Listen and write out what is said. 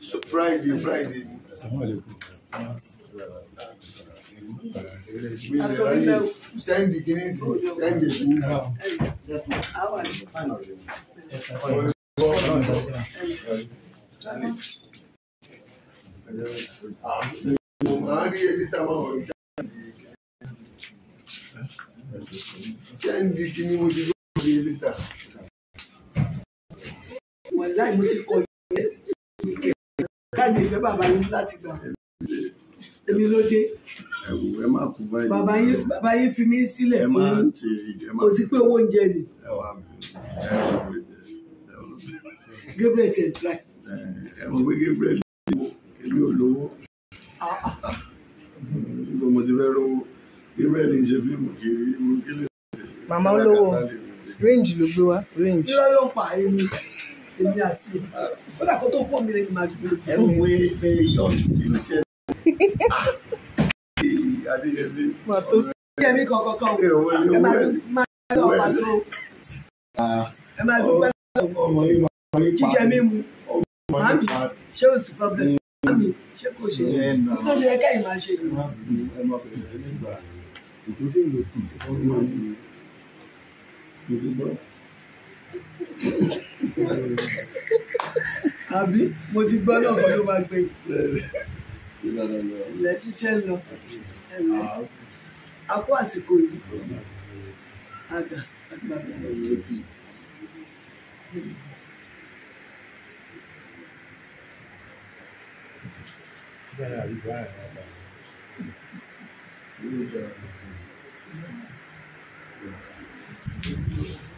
So Friday, Friday. Send the Guinness, send the shoes. Send the send the láì mo ti kọ ìyẹn ìkẹ́ láì mi ìfẹ́ bàbá yín láti gbà èmi ló dé. ẹ má kú báyìí. bàbá yín bàbá yín fi mí sílẹ̀ fún kò sí pé owó oúnjẹ ni. Gabriel ti ẹ̀ tura. ẹ mọ̀ pé Gabriel ló èmi ò lówó. nígbà ah, ah. ah, mo ti fẹ́ rówó Gabriel ń ṣe fíìmù kiri mú kí lè. màmá olówó range ló gbé wá range. irọ́ ló pa èmi èmi àti ẹ̀ ó dà kó tó kọ́ mi lẹ́nu máa gbé jẹ́ mi. òwe bẹ̀rẹ̀ yọ yóò ṣe ah, adéyẹmí. màá tó kankan o ẹ máa dúpẹ́ ọ̀pá so ẹ máa dúpẹ́ ọ̀pá so jíjẹ mímu màmí ṣé o sì problem màmí ṣé kò ṣe é tó ṣe ẹ̀ka yìí máa ṣe é. ẹ máa bẹ̀rẹ̀ sí ní gbà ètò tí ìlú kù ọ̀hún ọ̀hún mo ti gbọ́ àbí mo ti gbọ́ náà kọ́ ló máa gbé ilẹ̀ ṣiṣẹ́ lọ ẹ̀lẹ́ akó ah, àsìkò yìí àgà àgbàdo. Thank hmm. you.